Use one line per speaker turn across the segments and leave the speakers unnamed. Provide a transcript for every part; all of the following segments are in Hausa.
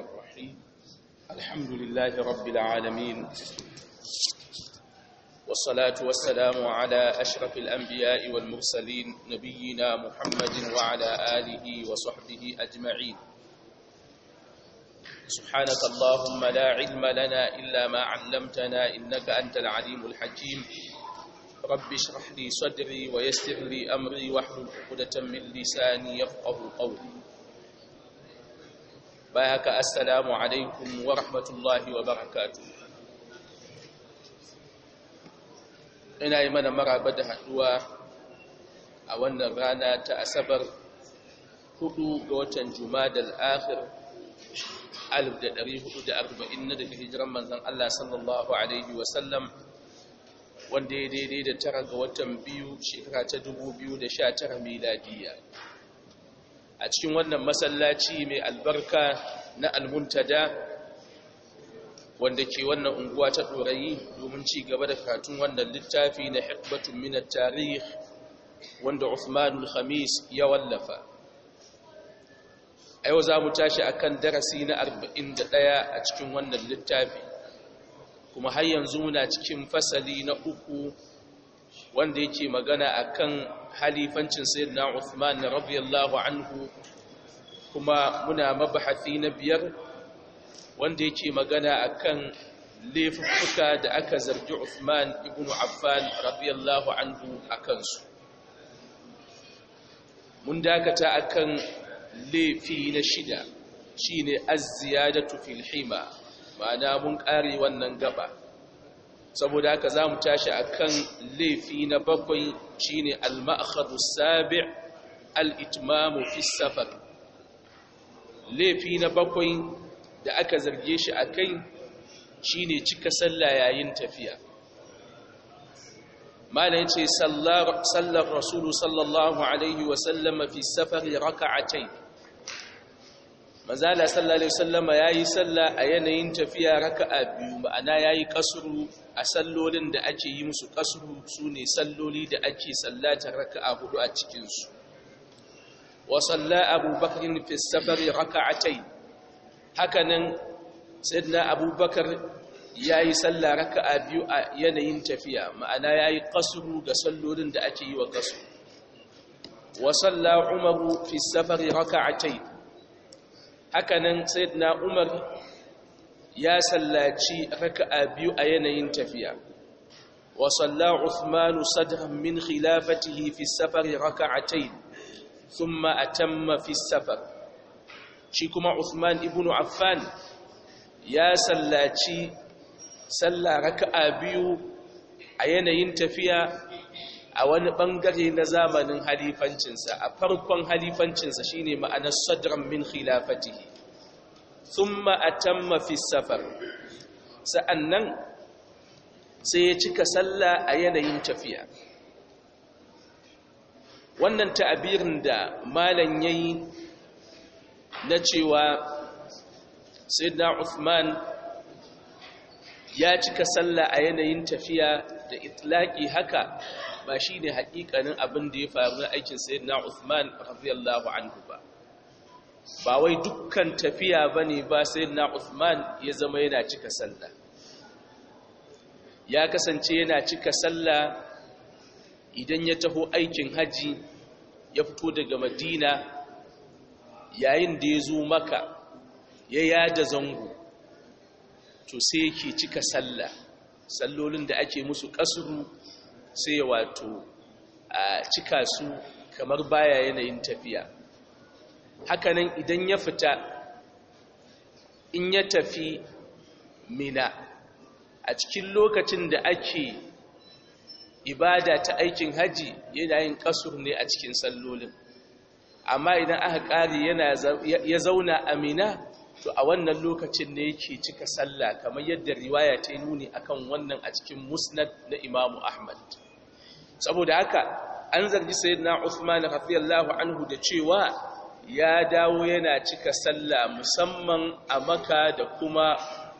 الرحيم الحمد لله رب العالمين والصلاة والسلام على أشرف الأنبياء والمرسلين نبينا محمد وعلى آله وصحبه أجمعين سبحانك اللهم لا علم لنا إلا ما علمتنا إنك أنت العليم الحكيم رب اشرح لي صدري ويسر لي أمري واحلل عقدة من لساني يفقه قولي bai haka assalamu alaikum wa rahmatullahi wa barakatu ina yi mana maraba da haduwa a wannan rana ta asabar 4 ga watan jumadal akhir 1440 na daga hijiran manzan Allah sallallahu alaihi wa sallam wanda ya daidai da tara ga watan biyu shekara ta 2019 miladiyya a cikin wannan masallaci mai albarka na almuntada wanda ke wannan unguwa ta ɗorayi domin ci gaba da katun wannan littafi na hikbatun minar tarih wanda Uthmanul Khamis ya wallafa a yau za mu tashi kan darasi na 41 a cikin wannan littafi kuma har yanzu muna cikin fasali na uku wanda yake magana akan halifancin sayyidina Uthman radiyallahu anhu kuma muna mabahasi na biyar wanda yake magana akan laifuffuka da aka zargi Uthman ibn Affan radiyallahu anhu akan su mun dakata akan laifi na shida shine az-ziyadatu fil ma'ana mun kare wannan gaba saboda haka za mu tashi a kan laifi na bakwai shine al-ma'akhadu sabi al-itmamu fi safar laifi na bakwai da aka zarge shi a kai shine cika sallah yayin tafiya malam ce sallar rasulu sallallahu alaihi wasallama fi safari raka'atai Mazala sallallahu alaihi wasallama yi sallah a yanayin tafiya raka'a biyu ma'ana ya yi kasuru a sallolin da ake yi musu kasru su ne salloli da ake sallatar a hudu a cikinsu wa salla abubakar fi a tai hakanan sai na abubakar ya yi salla a biyu a yanayin tafiya ma'ana ya yi kasru ga sallolin da ake yi wa kasru wa salla umaru fi a tai hakanan sai na umar ya sallaci raka'a biyu a yanayin tafiya wa salla Uthman sadran min khilafatihi fi safar raka'atayn thumma atamma fi safar shi kuma Uthman ibn Affan ya sallaci salla raka'a biyu a yanayin tafiya a wani bangare na zamanin halifancinsa a farkon halifancinsa shine ma'anar sadran min khilafatihi thumma atamma fi safar sa'annan sai ya cika sallah a yanayin tafiya wannan ta'abirin da malan yayi na cewa sayyidina Usman ya cika sallah a yanayin tafiya da itlaki haka ba shine hakikanin abin da ya faru na aikin sayyidina Uthman radiyallahu anhu ba ba wai dukkan tafiya ba ne ba sai na Uthman ya zama yana cika sallah ya kasance yana cika sallah idan ya taho aikin haji ya fito daga madina yayin da ya zo maka ya yada zango to sai yake cika sallah sallolin da ake musu kasuru sai wato a cika su kamar baya yanayin tafiya hakanan idan ya fita in ya tafi mina a cikin lokacin da ake ibada ta aikin haji yana yin kasur ne a cikin sallolin amma idan aka ƙari ya zauna a mina to a wannan lokacin ne yake cika sallah kamar yadda riwaya ta yi nuni akan wannan a cikin musnad na imamu ahmad saboda haka an zargi sayyidina usman radiyallahu anhu da cewa ya dawo yana cika sallah musamman a maka da kuma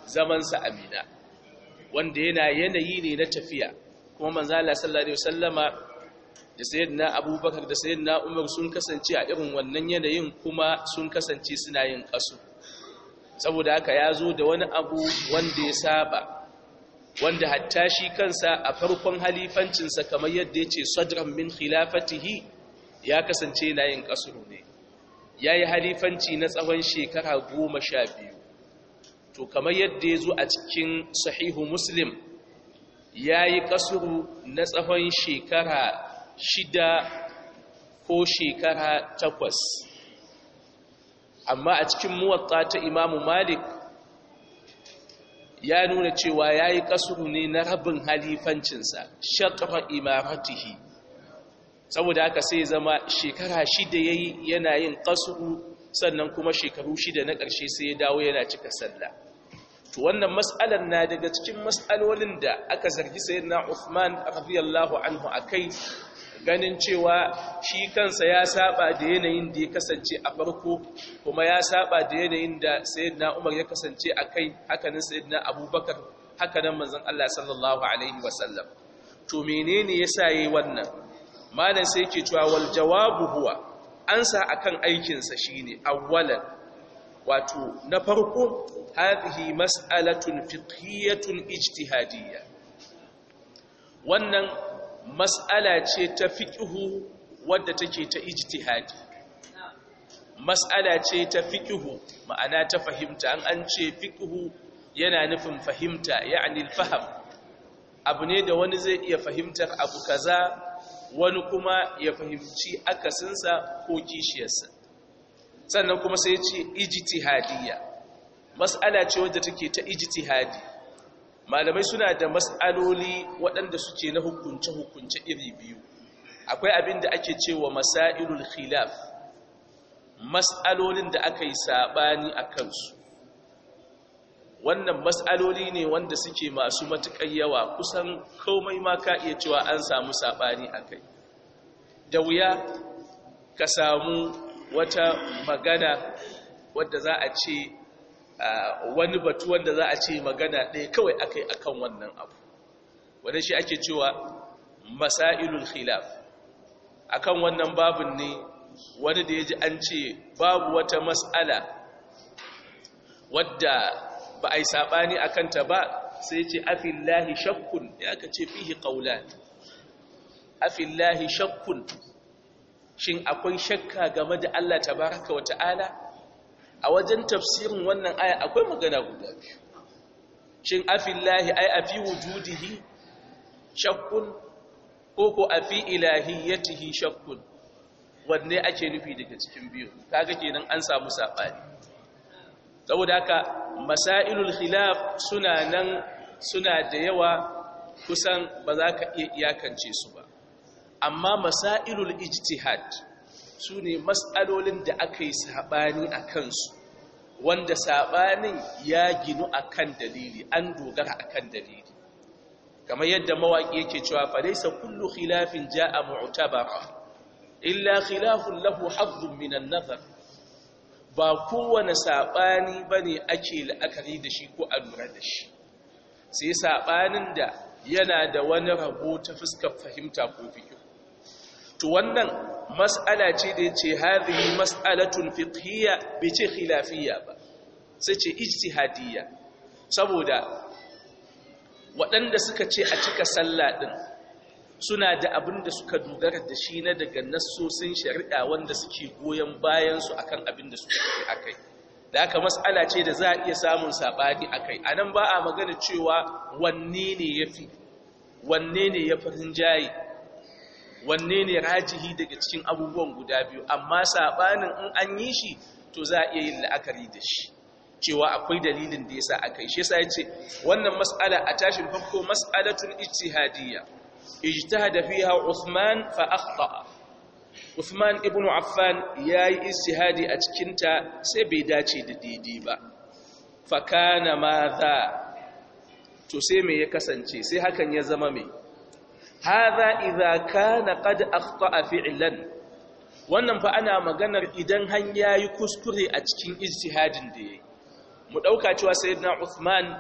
zamansa amina wanda yana yanayi ne na tafiya kuma manzala sallallahu alaihi wasallama da sayyidina abubakar da sayyidina umar sun kasance a irin wannan yanayin kuma sun kasance suna yin kasu saboda haka ya zo da wani abu wanda ya saba wanda hatta shi kansa a farkon halifancinsa kamar yadda ya ce sadran min khilafatihi ya kasance na yin kasuru ne ya yi halifanci na tsawon shekara goma sha biyu to kamar yadda ya zo a cikin sahihu muslim ya yi kasuru na tsawon shekara shida ko shekara takwas amma a cikin muwatta ta imamu malik ya nuna cewa ya yi kasuru ne na rabin halifancinsa shakar imaratihi saboda aka sai zama shekara shida ya yi yana yin ƙasuru sannan kuma shekaru shida na ƙarshe sai ya dawo yana cika sallah to wannan mas'alar na daga cikin mas'alolin da aka zargi sayyidina Uthman radiyallahu anhu akai ganin cewa shi kansa ya saba da yanayin da ya kasance a farko kuma ya saba da yanayin da sayyidina Umar ya kasance akai hakanan sayyidina Abubakar hakanan manzon Allah sallallahu alaihi wasallam to menene yasa yayi wannan malam sai yake cewa wal jawabu huwa ansa akan aikin sa shine awwalan wato na farko hadhihi mas'alatun fiqhiyatun ijtihadiyya wannan mas'ala ce ta fiqhu wadda take ta ijtihadi mas'ala ce ta fiqhu ma'ana ta fahimta an an ce fiqhu yana nufin fahimta ya'ni al-fahm abu ne da wani zai iya fahimtar abu kaza wani kuma ya fahimci akasinsa ko kishiyarsa sannan kuma sai ce ijtihadiyya mas'ala ce wadda take ta ijtihadi malamai suna da mas'aloli waɗanda suke na hukunce hukunce iri biyu akwai abin da ake cewa masailul khilaf mas'alolin da aka yi sabani a kansu wannan matsaloli ne wanda suke masu matuƙar yawa kusan komai ma ka iya cewa an samu saɓani a kai da wuya ka samu wata magana wadda za a ce wani batu wanda za a ce magana ɗaya kawai akai akan wannan abu wadda shi ake cewa masailul khilaf akan wannan babin ne wani da ya ji an ce babu wata mas'ala wadda ba a yi saɓani a kanta ba sai ce afin lahi shakkun ya ka ce fihi Afin lahi shakkun shin akwai shakka game da Allah Ta baraka wa ta'ala a wajen tafsirin wannan aya akwai magana guda biyu shin lahi, ai a fi wujudihi shakkun ko ko ya tihi shakkun wanne ake nufi daga cikin biyu kaga kenan an samu saɓani saboda haka masailul khilaf suna nan suna da yawa kusan ba za ka iya iyakance su ba amma masailul ijtihad su ne matsalolin da aka yi saɓani a kansu wanda saɓanin ya ginu a kan dalili an dogara a kan dalili kamar yadda mawaƙi yake cewa falaisa kullu khilafin ja'a mu'tabara illa khilafun lahu hazzun minan nazar ba kowane saɓani ba ne ake la'akari da shi ko a lura da shi sai saɓanin da yana da wani rabo ta fuskar fahimta ko fiye to wannan mas'ala ce da ce yi mas'alatun fiqhiyya bai ce khilafiyya ba sai ce ijtihadiyya saboda waɗanda suka ce a cika sallah ɗin. suna da abin da suka dogara da shi na daga nassosin shari'a wanda suke goyon bayansu akan abin da suka tafi a kai da aka matsala ce da za a iya samun saɓani a kai a nan ba a magana cewa wanne ne ya fi wanne ne ya fi rinjaye wanne ne rajihi daga cikin abubuwan guda biyu amma saɓanin in an yi shi to za a iya yin la'akari da shi cewa akwai dalilin da ya sa a kai shi yasa ya ce wannan matsala a tashin farko mas'alatun ijtihadiyya ijtahada fiha Uthman fa akhta'a Uthman ibn Affan yayi istihadi a cikin ta sai bai dace da didi ba fa kana madha to sai me ya kasance sai hakan ya zama me hadha idha kana qad akhta'a fi'lan wannan fa ana maganar idan han yayi kuskure a cikin ijtihadin da yayi mu dauka cewa sayyidina Uthman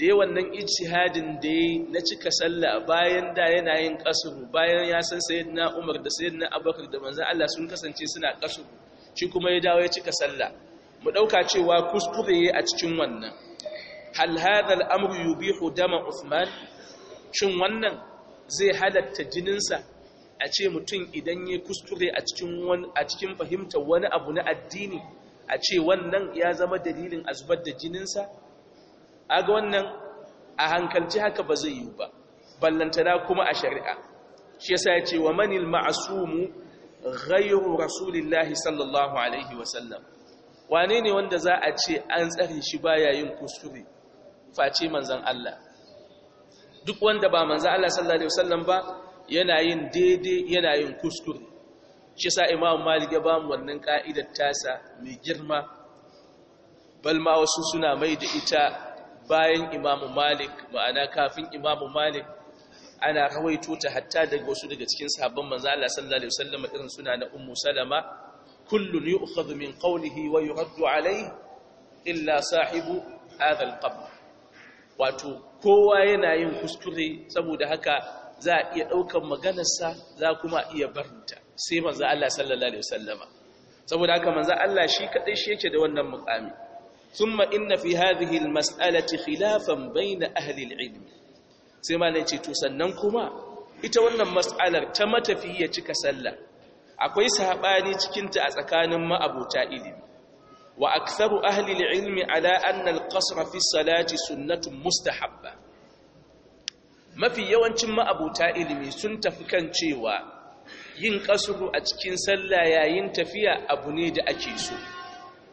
da yi wannan ijtihadin da ya na cika sallah bayan da yana yin kasuru bayan ya san sayyidina Umar da sayyidina Abubakar da manzon Allah sun kasance suna kasuru shi kuma ya dawo ya cika sallah mu dauka cewa kuskure a cikin wannan hal hadha al-amru yubihu dama Uthman shin wannan zai halatta jininsa a ce mutum idan ya kuskure a cikin fahimtar wani abu na addini a ce wannan ya zama dalilin azubar da jininsa aga wannan a hankalci haka ba zai yi ba ballantana kuma a shari'a shi yasa ya ce wa manil ma'asumu ghayru rasulillahi sallallahu alaihi wasallam wane ne wanda za a ce an tsare shi baya yin kuskure face manzon Allah duk wanda ba manzon Allah sallallahu alaihi wasallam ba yana yin daidai yana yin kuskure shi yasa imam malik ya ba mu wannan ka'idar tasa mai girma balma wasu suna mai da ita bayan imamu malik ma'ana kafin imamu malik ana rawaito ta hatta daga wasu daga cikin sabon manzo Allah sallallahu alaihi wasallam irin suna na ummu salama kullun yu'khadhu min qawlihi wa yuraddu alayhi illa sahibu hadha alqabr wato kowa yana yin kuskure saboda haka za a iya daukan maganarsa za kuma iya barinta sai manzo Allah sallallahu alaihi wasallama saboda haka manzo Allah shi kadai shi yake da wannan mukami ثم ان في هذه المساله خلافا بين اهل العلم سيما نتي تو sannan kuma ita wannan mas'alar ta matafiya cika sallah akwai saɓani cikinta a tsakanin ma'abuta ilimi wa aktharu ahli alilm ala anna alqasr fi sunnatun mustahabba mafi yawancin ma'abota ilimi sun tafi kan cewa yin qasru a cikin sallah yayin tafiya abu ne da ake so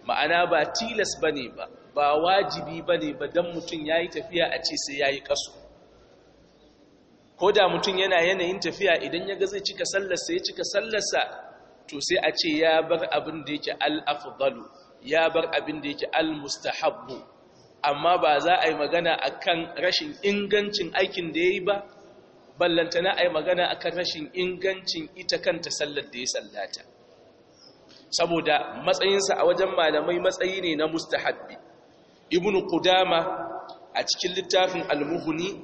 ma'ana ba tilas ba ne ba ba wajibi ba ne ba don mutum ya yi tafiya a ce sai ya yi kaso ko da mutum yana yanayin tafiya idan ya ga zai cika sallarsa ya cika sallarsa to sai a ce ya bar abin da yake al-afdalu ya bar abin da yake al-mustahabbu amma ba za a yi magana akan rashin ingancin aikin da ya yi ba ballantana a yi magana akan rashin ingancin ita kanta sallar da ya sallata saboda matsayinsa a wajen malamai matsayi ne na mustahabbi ibn qudama a cikin littafin al muhni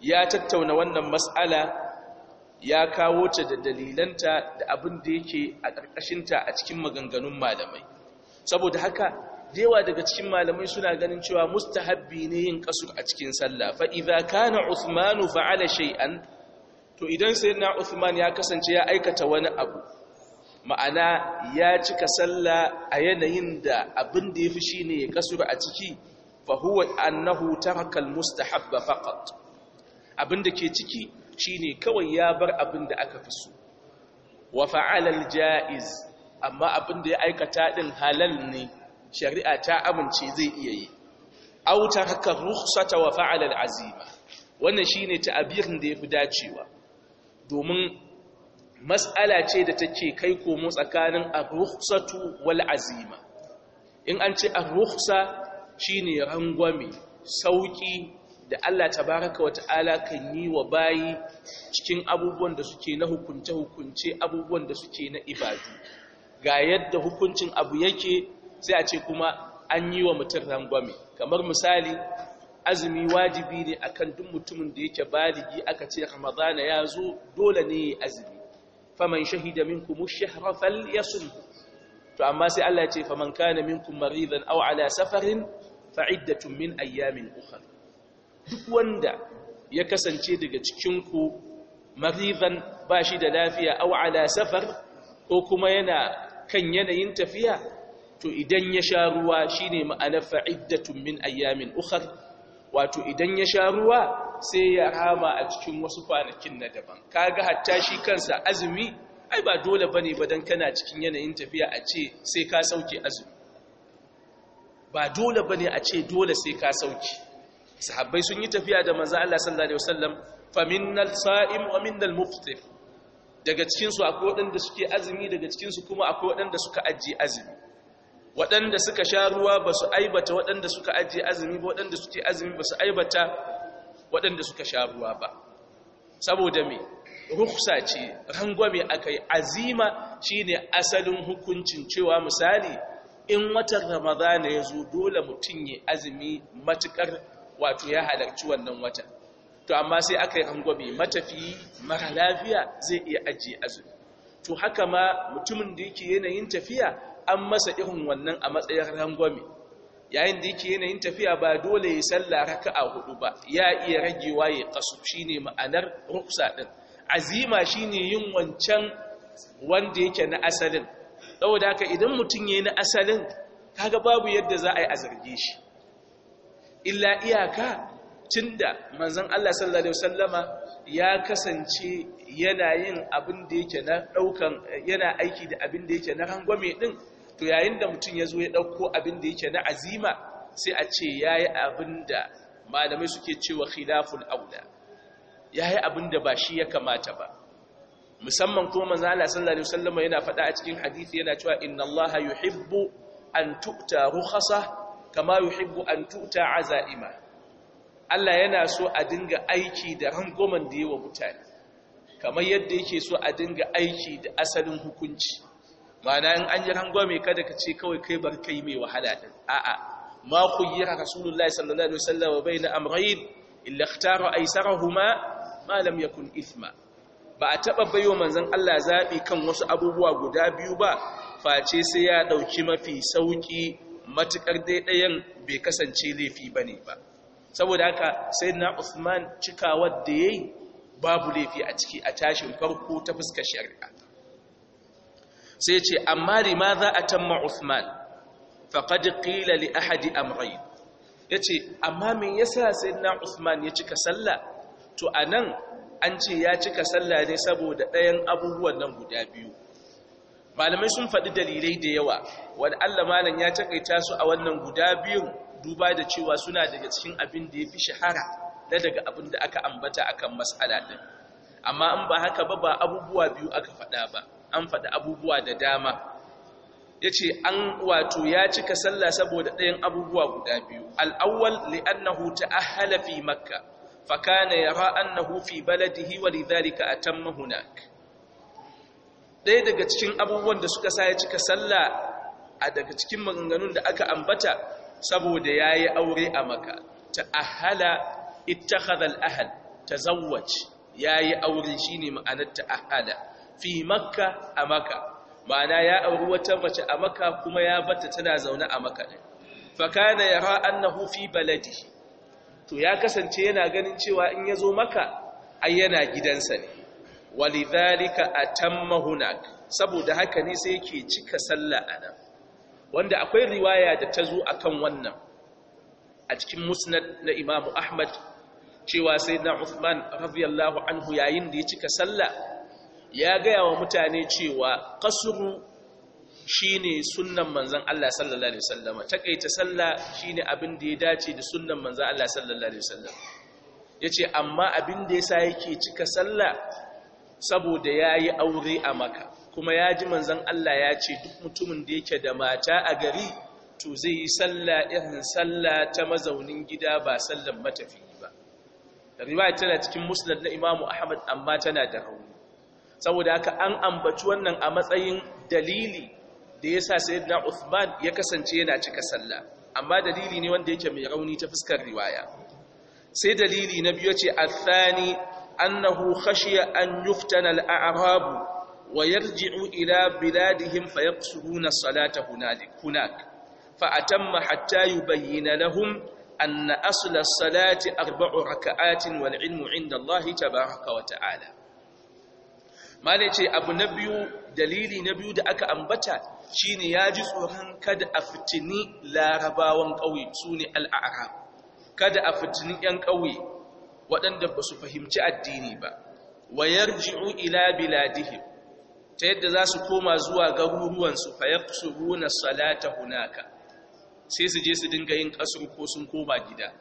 ya tattauna wannan mas'ala ya kawo ta da dalilanta da abin da yake a ƙarƙashinta a cikin maganganun malamai saboda haka dewa daga cikin malamai suna ganin cewa mustahabbi ne yin kasu a cikin sallah fa idza kana uthman fa'ala shay'an to idan sayyidina Usman ya kasance ya aikata wani abu ma'ana ya cika sallah a yanayin da abin da ya fi shi ne ya a ciki fahuwa annahu tarakal mustahabba faqat abin da ke ciki shine kawai ya bar abin da aka fi so wa fa'alal jaiz amma abin da ya aikata din halal ne shari'a ta amince zai iya yi aw taraka rukhsata wa fa'alal azima wannan shine ta'abirin da ya fi dacewa domin mas'ala ce da take kai komo tsakanin ar-rukhsatu wal azima in an ce ar-rukhsa shine rangwame sauki da Allah tabaaraka wa ta'ala kan yi wa bayi cikin abubuwan da suke na hukunce-hukunce abubuwan da suke na ibadu ga yadda hukuncin abu yake sai a ce kuma an yi wa mutum rangwame kamar misali azumi wajibi ne akan duk mutumin da yake baligi aka ce ramadana ya zo dole ne azumi faman shahida minkum ash ya sun. to amma sai Allah ce faman kana minku maridan au ala safarin fa min ayyamin ukhra duk wanda ya kasance daga cikin ku ba bashi da lafiya au ala safar ko kuma yana kan yanayin tafiya to idan ya sha ruwa shine ma'ana fa min ayyamin ukhra wato idan ya sha ruwa sai ya rama a cikin wasu kwanakin na daban kaga hatta shi kansa azumi ai ba dole bane ba dan kana cikin yanayin tafiya a ce sai ka sauke azumi ba dole bane a ce dole sai ka sauke sahabbai sun yi tafiya da manzo Allah sallallahu alaihi wasallam faminnal sa'im wa minnal muftir daga cikin su akwai waɗanda suke azumi daga cikin su kuma akwai waɗanda suka ajiye azumi waɗanda suka sha ruwa basu aibata waɗanda suka ajiye azumi ba waɗanda suke azumi basu aibata waɗanda suka sha ruwa ba saboda mai ruksa ce rangwame aka yi azima shine asalin hukuncin cewa misali in watan ramadana ya zo dole mutum ya azumi matukar wato ya halarci wannan watan to amma sai aka yi rangwame matafi mara lafiya zai iya ajiye azumi to haka ma mutumin da yake yanayin tafiya an masa irin wannan a matsayin rangwame yayin da yake yanayin tafiya ba dole ya salla raka'a hudu ba ya iya ragewa ya kasu shine ma'anar ruksa ɗin. azima shine yin wancan wanda yake na asalin saboda haka idan mutum yayi na asalin kaga babu yadda za a yi a zarge shi illa iyaka tunda manzon Allah sallallahu alaihi ya kasance yana yin abin da yake na daukan yana aiki da abin da yake na rangwame ɗin? to yayin da mutum ya zo ya ɗauko abin da yake na azima sai a ce ya yi abin da malamai suke cewa khilaful auda ya yi abin da ba shi ya kamata ba musamman kuma manzana sallallahu alaihi yana faɗa a cikin hadisi yana cewa inna allaha yuhibbu an tu'ta rukhasa kama yuhibbu an tu'ta azaima Allah yana so a dinga aiki da rangwamen da yawa mutane kamar yadda yake so a dinga aiki da asalin hukunci ma'ana in an yi rangwame kada ka ce kawai kai bar kai mai wahala din a'a ma sunan lai sallallahu alaihi wasallam bayna amrayn illa ikhtara aysarahuma ma lam yakun ithma ba a taba bayo manzon Allah zaɓi kan wasu abubuwa guda biyu ba face sai ya ɗauki mafi sauki matukar daidayan bai kasance laifi bane ba saboda haka sayyidina Uthman cikawar da yayi babu laifi a ciki a tashin farko ta fuskar shari'a sai ce amma za a tamma Uthman faqad qila li ahadi Ya yace amma me yasa sai na Usman ya cika sallah to anan an ce ya cika sallah ne saboda ɗayan abubuwan nan guda biyu malamai sun faɗi dalilai da yawa wani allah malam ya takaita su a wannan guda biyun duba da cewa suna daga cikin abin da ya fi shahara da daga abin da aka ambata akan matsala ɗin amma in ba haka ba ba abubuwa biyu aka faɗa ba an faɗi abubuwa da dama ya ce an wato ya cika sallah saboda ɗayan abubuwa guda biyu al'awwal li'annahu ta'ahala fi makka fakana yara annahu fi baladihi wa lidhalika atamma hunak ɗaya daga cikin abubuwan da suka sa ya cika sallah a daga cikin maganganun da aka ambata saboda yayi aure a makka ta'ahala ittakhadha al-ahl tazawwaj yayi aure shine ma'anar ta'ahala fi makka a makka ma'ana ya auri wata mace a makka kuma ya batta tana zaune a makka Faka fa kana yara annahu fi baladi. to ya kasance yana ganin cewa in ya zo makka ai yana gidansa ne walidhalika atamma hunak saboda haka ne sai yake cika sallah anan wanda akwai riwaya da ta zo akan wannan a cikin musnad na imamu Ahmad cewa sai na Uthman radiyallahu anhu yayin da ya cika sallah ya gaya wa mutane cewa kasuru shine sunnan manzon Allah sallallahu alaihi wasallama takaita sallah shine abin da ya dace da sunnan manzon Allah sallallahu alaihi wasallam yace amma abin da yasa yake cika sallah saboda yayi aure a maka kuma ya ji manzan Allah ya ce duk mutumin da yake da mata a gari to zai yi sallah irin sallah ta mazaunin gida ba sallan matafi ba riwaya tana cikin musnad na Imamu Ahmad amma tana da rauni saboda haka an ambaci wannan a matsayin dalili da ya sa sayyidina Uthman ya kasance yana cika sallah amma dalili ne wanda yake mai rauni ta fuskar riwaya sai dalili na biyu ce athani annahu khashiya an yuftana al-a'rab wa yarji'u ila biladihim fayaqsuruna as-salata hunalik hunak fa atamma hatta yubayyana lahum anna asla as-salati arba'u raka'atin wal ilmu 'inda Allah tabaaraka wa ta'ala mala ce abu na biyu dalili na biyu da aka ambata shine ya ji tsoron kada a fitini larabawan ƙauye su ne al’ara kada a fitini ‘yan ƙauye waɗanda ba su fahimci addini ba wayar ji'u ila biladihi ta yadda za su koma zuwa garuruwansu fayaksu na salata hunaka sai su je su dinga yin ƙasar ko sun koma gida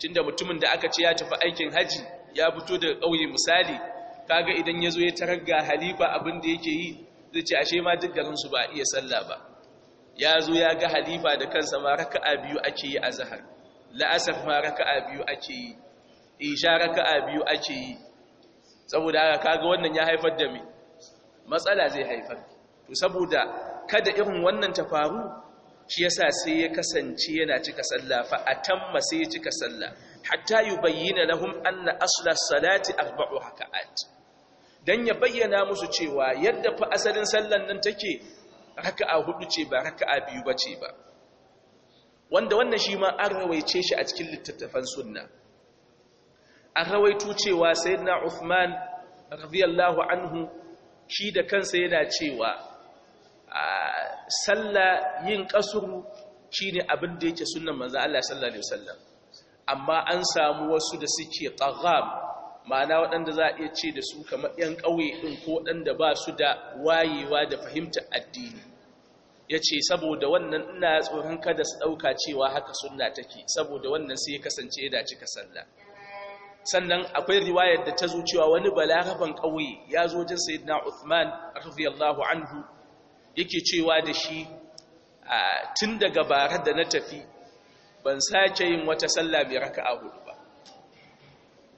tunda mutumin da aka ce ya tafi aikin haji ya fito daga ƙauye misali kaga idan ya zo ya tarar ga halifa abin da yake yi zai ce ashe ma duk garinsu ba a iya sallah ba ya zo ya ga halifa da kansa ma raka'a biyu ake yi a zahar la'asar ma raka'a biyu ake yi isha raka'a biyu ake yi saboda haka kaga wannan ya haifar da me matsala zai haifar to saboda kada irin wannan ta faru shi yasa sai ya kasance yana cika sallah fa atamma sai ya cika sallah hatta na lahum anna asla salati arba'u raka'at dan ya bayyana musu cewa yadda fa asalin sallan nan take raka'a hudu ce ba raka'a biyu ce ba wanda wannan shi ma an rawaice shi a cikin littattafan sunna an rawaito cewa sayyidina Uthman radiyallahu anhu shi da kansa yana cewa salla yin kasuru ne abin da yake sunnan manzo Allah sallallahu alaihi wasallam amma an samu wasu da suke tsaghab ma'ana waɗanda za a iya ce da su kama 'yan ƙauye ɗin ko waɗanda ba su da wayewa da fahimtar addini ya ce saboda wannan ina tsoron kada su ɗauka cewa haka sunna take saboda wannan sai ya kasance ya dace ka sallah sannan akwai riwayar da ta zo cewa wani balaraban ƙauye ya zo jin sayyidina Uthman radiyallahu anhu yake cewa da shi tun daga bara da na tafi ban sace yin wata sallah mai raka'a hudu ba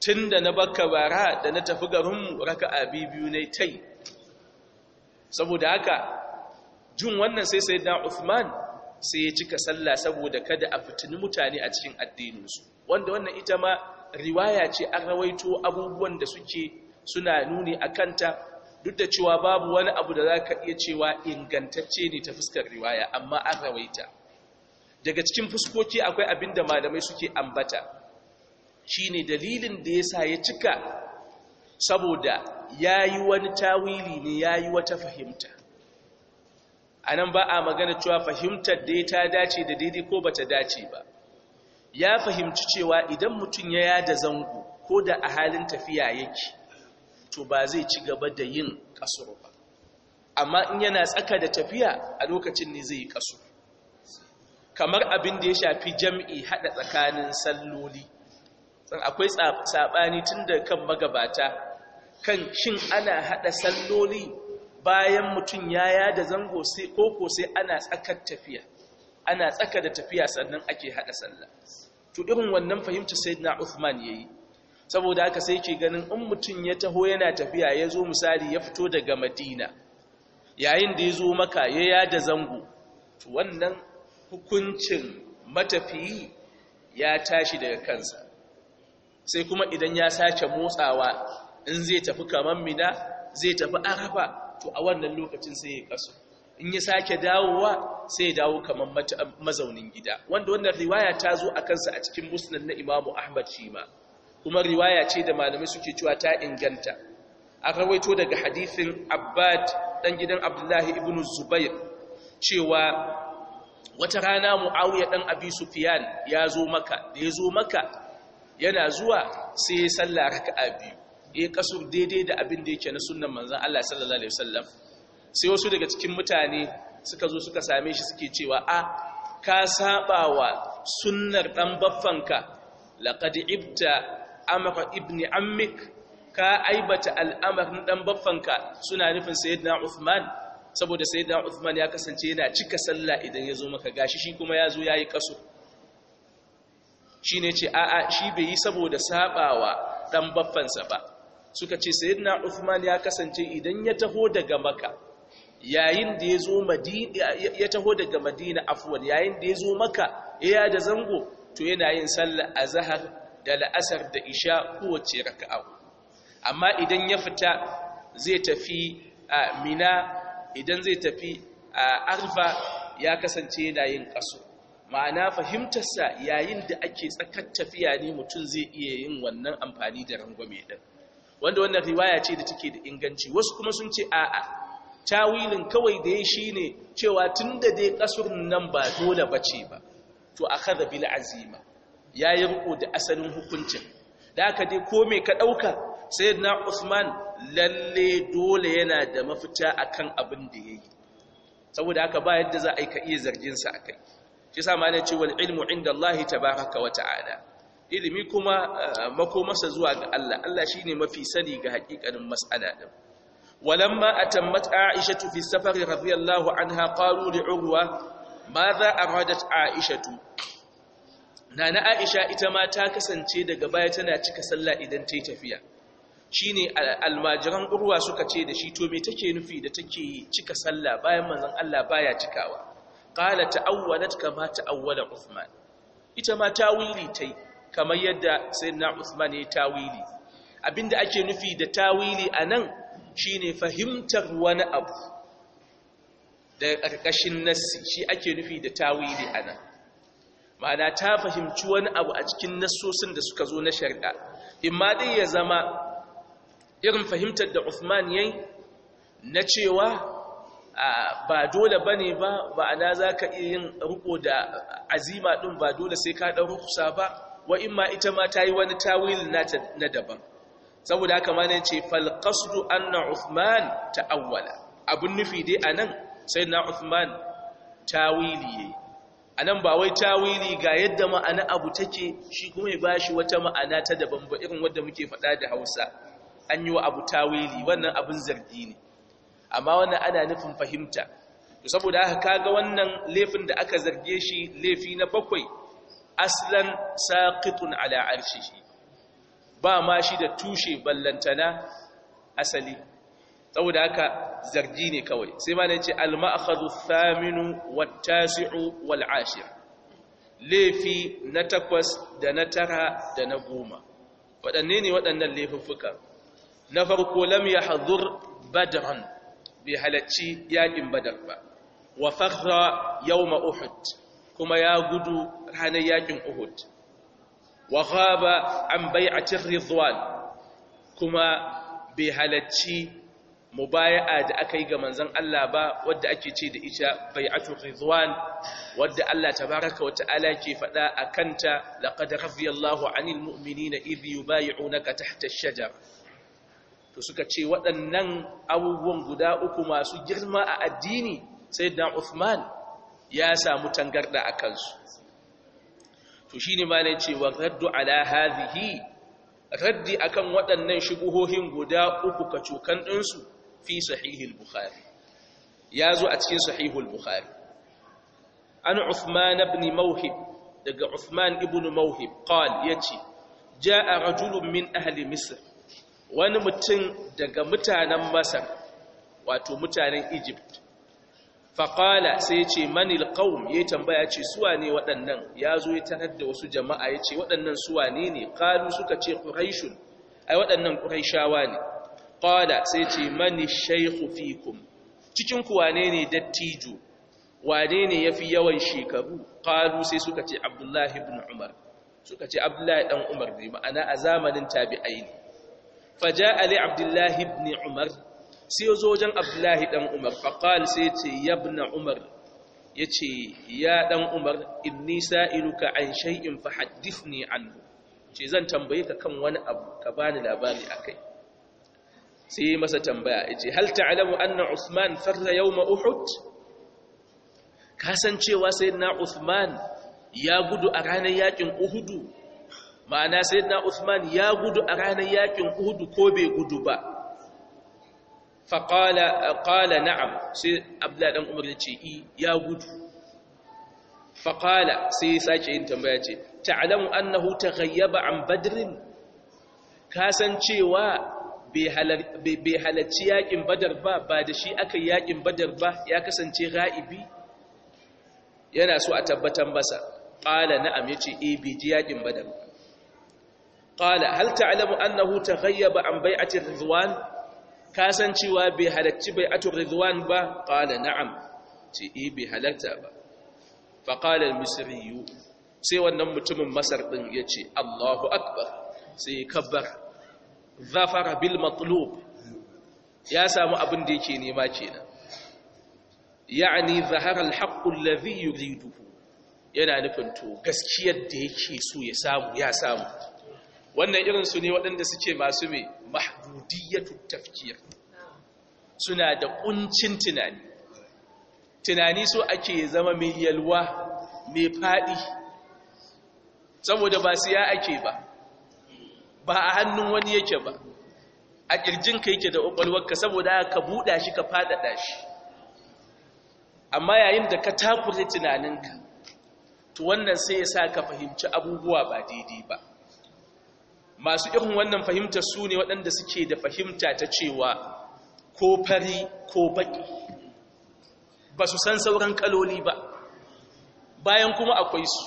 tun da na bakka bara da na tafi garinmu raka'a biyu ne tai saboda haka jin wannan sai sai dan Uthman sai ya cika sallah saboda kada a fitini mutane a cikin addininsu wanda wannan ita ma riwaya ce an rawaito abubuwan da suke suna nuni a kanta duk da cewa babu wani abu da za ka iya cewa ingantacce ne ta fuskar riwaya amma an rawaita daga cikin fuskoki akwai abin da malamai suke ambata Shi ne dalilin da ya sa ya cika saboda ya yi wani tawili ne ya yi wata fahimta A nan ba a magana cewa fahimtar da ta dace da daidai ko ba ta dace ba ya fahimci cewa idan mutum ya yada zango ko da a halin tafiya yake to ba zai ci gaba da yin kasuru ba amma in yana tsaka da tafiya a lokacin ne zai yi kasu kamar abin da ya shafi jam'i haɗa tsakanin salloli sun akwai saɓani tun da kan magabata kan shin ana haɗa salloli bayan mutum ya yada zango sai koko sai ana tsakar tafiya ana tsaka da tafiya sannan ake haɗa sallah to irin wannan fahimta sai na uthman ya yi saboda haka sai ke ganin in mutum ya taho yana tafiya ya zo misali ya fito daga madina yayin da ya zo maka ya yada zango to wannan hukuncin matafiyi ya tashi daga kansa sai kuma idan ya sace motsawa in zai tafi kamar mina zai tafi arafa to a wannan lokacin sai ya kasu. in ya sake dawowa sai ya dawo kamar mazaunin gida wanda wannan riwaya ta zo a kansa a cikin musnad na imamu ahmad shima kuma riwaya ce da malamai suke cewa ta inganta a rawaito daga hadithin abbad ɗan gidan abdullahi Ibnu zubair cewa wata rana mu'awiyar ɗan abi sufyan ya zo maka da ya zo maka yana zuwa sai ya salla a biyu ya kasur daidai da abin da yake na sunan manzan Allah sallallahu alaihi wasallam sai wasu daga cikin mutane suka zo suka same shi suke cewa a ka saba wa sunnar ɗanbafanka baffanka laƙadi ibta amara ibni ammik ka aibata al'amarin ɗan baffanka suna nufin sayyidina Usman? saboda sayyidina Uthman ya kasance yana cika sallah idan ya zo maka gashi shi kuma ya zo ya yi kaso shi ne ce a'a shi bai yi saboda saɓawa dan baffansa ba suka ce sayyidina Uthman ya kasance idan ya taho daga maka yayin da ya zo madina ya taho daga madina afwan yayin da ya zo maka iya da zango to yana yin sallah azhar da la'asar da isha kowace raka'a amma idan ya fita zai tafi a mina idan zai tafi a arfa ya kasance yana yin kaso ma'ana fahimtarsa yayin da ake tsakar tafiya ne mutum zai iya yin wannan amfani da rangwame din wanda wannan riwaya ce da take da inganci wasu kuma sun ce a'a tawilin kawai da ya shi ne cewa tun da dai kasur nan ba dole ba ce ba to a kada bil azima ya yi riko da asalin hukuncin da aka dai ko mai ka ɗauka sayyidina Usman lalle dole yana da mafita akan abin da yayi saboda haka ba yadda za a yi ka iya zargin sa akai shi yasa ma ce wal ilmu inda Allah tabaraka wa ta'ala ilimi kuma eh, makomarsa zuwa ga Allah Allah shine mafi sani ga hakikanin mas'ala din walamma atammat Aisha fi safar radiyallahu anha qalu li Urwa madha aradat Aisha Nana Aisha ita ma ta kasance daga baya tana cika sallah idan ta yi tafiya shine almajiran urwa suka ce da shi to me take nufi da take cika sallah bayan manzon Allah baya cikawa qala ta'awwalat kama ta'awwala Uthman ita ma tawili tai kamar yadda sayyidina usman ya tawili abinda ake nufi da tawili anan shine fahimtar wani abu da ƙarƙashin nassi shi ake nufi da tawili anan ma'ana ta fahimci wani abu a cikin nassosin da suka zo na shari'a imma dai ya zama irin fahimtar da Uthman yayi na cewa ba dole bane ba ba ana zaka iya yin riko da azima din ba dole sai ka dan rukusa ba wa in ma ita ma ta yi wani tawil na daban saboda haka ma ne ce fal qasdu anna Uthman ta'awwala abun nufi dai anan sai na Uthman tawili yayi anan ba wai tawili ga yadda ma'ana abu take shi kuma ya bashi wata ma'ana ta daban ba irin wadda muke faɗa da Hausa an yi wa abu tawili wannan abin zargi ne amma wannan ana nufin fahimta to saboda haka kaga wannan laifin da aka zarge shi laifi na bakwai aslan saqitun ala arshihi ba ma shi da tushe ballantana asali saboda haka zargi ne kawai sai ma ce al-ma'khadhu thaminu wat-tasi'u wal-ashir laifi na takwas da na tara da na goma waɗanne ne waɗannan laifuffukan na farko lam yahdhur badran bi halacci yakin badar ba wa fakhra yawma uhud kuma ya gudu ranar yakin uhud wa ghaba an bai'atir ridwan kuma bi halacci mubaya'a da aka yi ga manzon Allah ba wadda ake ce da ita bai'atu ridwan wadda Allah tabaraka wa ta'ala ke faɗa a kanta laqad radiyallahu 'anil mu'minina idh yubay'unaka tahta ash-shajar to suka ce waɗannan abubuwan guda uku masu girma a addini sai dan Uthman ya samu tangarda a kansu to shine ma ne wa raddu ala hadhihi raddi akan waɗannan shubuhohin guda uku kacokan ɗinsu fi sahihil bukhari ya zo a cikin sahihul bukhari an Uthman ibn Mawhib daga Uthman ibn Mawhib qal yace jaa rajulun min ahli misr wani mutum daga mutanen masar wato mutanen egypt faƙala sai ce manil ƙaun ya yi tambaya ce suwa ne waɗannan ya zo ya tanar da wasu jama'a ya ce waɗannan suwa ne ne ƙalu suka ce ƙuraishun ai waɗannan ƙuraishawa ne ƙala sai ce mani shaihu fikum cikin kuwa ne ne dattijo wane ne ya fi yawan shekaru ƙalu sai suka ce abdullahi ibn umar suka ce abdullahi ɗan umar ne ma'ana a zamanin tabi'ai ne faja ali abdullahi ibn umar sai yazo wajen abdullahi dan umar faqal sai yace ya umar yace ya dan umar inni sa'iluka an shay'in fahaddithni anhu ce zan tambaye ka kan wani abu ka bani labari akai sai masa tambaya yace hal ta'lamu anna usman farra yawm uhud kasancewa sayyidina usman ya gudu a ranar yakin uhudu ma'ana saina Usman ya gudu a ranar yakin hudu ko bai gudu ba Faƙala, ƙala na'am sai Abdullah Umar ya ce i ya gudu Faƙala sai ya sake yin tambaya ce ta'lamu annahu taghayyaba an badrin kasancewa bai halarci yakin badar ba ba da shi aka yakin badar ba ya kasance ra'ibi yana so a tabbatan basa ƙala na'am ya ce e ji yakin badar ba Ƙala, hal ta'lamu annahu taghayyaba an bai'ati ridwan kasancewa bai bai bai'atu ridwan ba Ƙala, na'am ce eh bai halarta ba fa qala al sai wannan mutumin masar ya yace Allahu akbar sai kabar zafara bil matlub ya samu abin da yake nema kenan ya'ani zahara haƙƙun haqqu alladhi yana nufin to gaskiyar da yake so ya samu ya samu wannan irin su ne waɗanda suke masu mai mahdudiyatu tafkir suna da ƙuncin tunani tunani so ake zama mai yalwa mai faɗi saboda ba siya ake ba ba a hannun wani yake ba a ƙirjin ka yake da ƙwaƙwalwarka saboda ka buɗa shi ka faɗaɗa shi amma yayin da ka takure tunaninka to wannan sai ya sa ka fahimci abubuwa ba daidai ba masu irin wannan fahimtar su ne waɗanda suke da fahimta ta cewa ko fari ko baƙi. ba su san sauran kaloli ba bayan kuma akwai su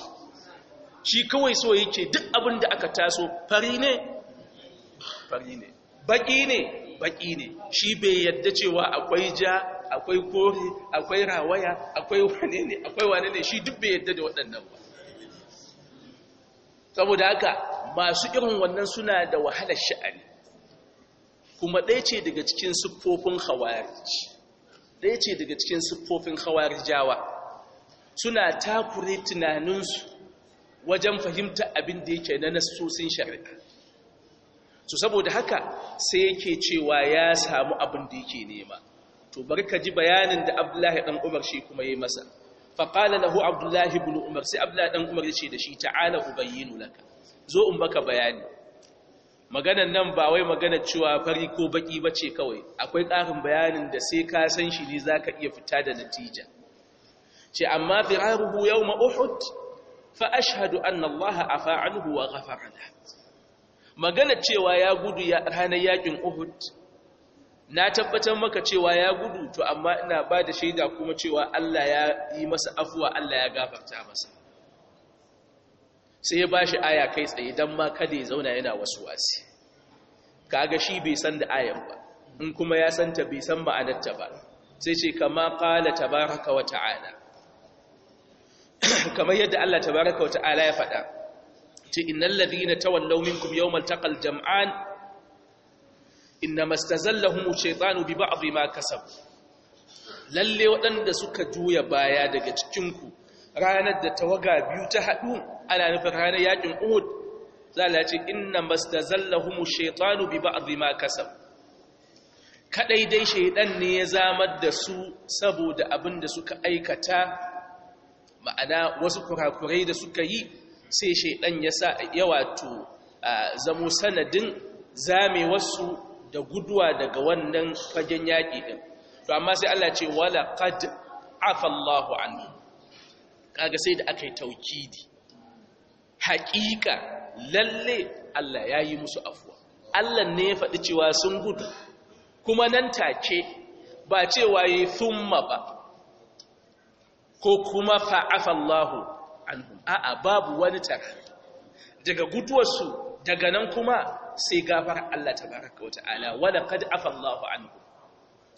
shi kawai so yake duk abin da aka taso fari ne fari ne Baƙi ne Baƙi ne shi bai yadda cewa akwai ja akwai kore akwai rawaya akwai wane ne akwai wane ne shi duk bai yadda da waɗannan ba saboda haka masu irin wannan suna da wahalar sha'ani kuma ɗaya ce daga cikin siffofin hawarij ɗaya ce daga cikin siffofin hawarijawa suna takure tunaninsu wajen fahimta abin da yake na nasosin shari'a su saboda haka sai yake cewa ya samu abin da yake nema to bari ka ji bayanin da abdullahi ɗan umar shi kuma ya yi masa faƙala lahu abdullahi bulu umar sai abdullahi ɗan umar ya ce da shi ta'ala ubayyinu laka zo in baka bayani maganan nan ba wai magana cewa fari ko baki ce kawai akwai ƙarin bayanin da sai ka san shi ne zaka iya fita da natija ce amma yau yawma uhud fa ashhadu anna allaha afa anhu wa ghafara magana cewa ya gudu ya ranar yakin uhud na tabbatar maka cewa ya gudu to amma ina ba da shaida kuma cewa Allah ya yi masa afuwa Allah ya gafarta masa sai ya shi aya kai tsaye dan ma kada ya zauna yana wasu wasi. kaga shi bai san da ayar ba in kuma ya san ta bai san ma'anarta ba sai ce kama qala tabaraka wa ta'ala kamar yadda Allah tabaraka wa ta'ala ya faɗa ce innal ladhina tawallaw minkum yawmal taqal jam'an innama istazallahum shaytanu bi ba'dhi ma kasab lalle waɗanda suka juya baya daga cikinku ku ranar da tawaga biyu ta haɗu ana nufin ranar yakin uhud za a ce inna humu shaitanu bi a zima Kaɗai kadai dai shaidan ne ya zamar da su saboda abin da suka aikata ma'ana wasu kurakurai da suka yi sai shaidan ya sa a zamo sanadin zame wasu da guduwa daga wannan fagen yaƙi ɗin to amma sai Allah ce wala qad afallahu Allahu anhu kaga sai da aka yi taukidi haƙiƙa lalle Allah ya yi musu afuwa Allah ne ya faɗi cewa sun gudu kuma nan take ba cewa yi thumma ba ko kuma fa'afa Allahu anhum a'a babu wani tara daga guduwarsu daga nan kuma sai gafar Allah tabaraka wa ta'ala wa laqad afa Allahu anhum